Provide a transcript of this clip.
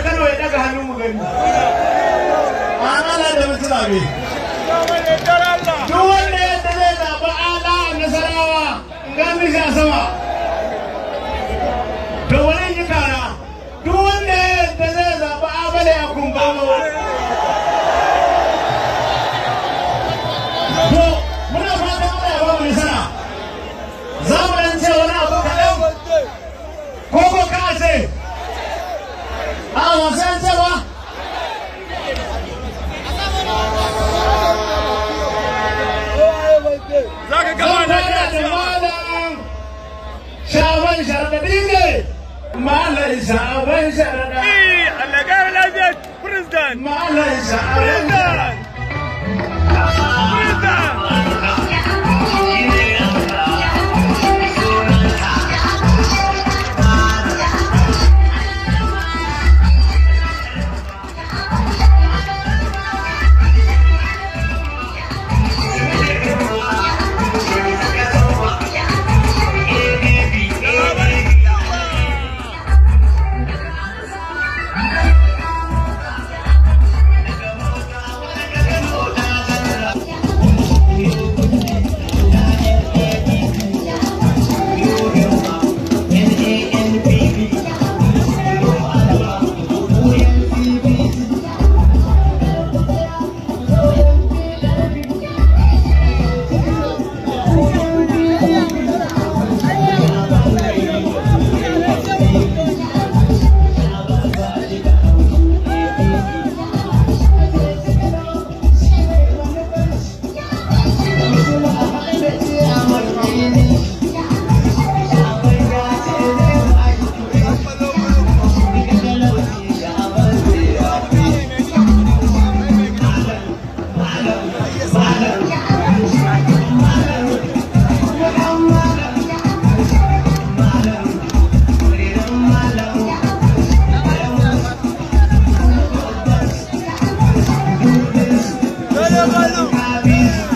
Kano ya daga hannu mu gani. An da mutuna ne. Malaysia, Malaysia, Malaysia, Malaysia, Malaysia, Malaysia, Malaysia, Malaysia, Malaysia, Malaysia, Mano!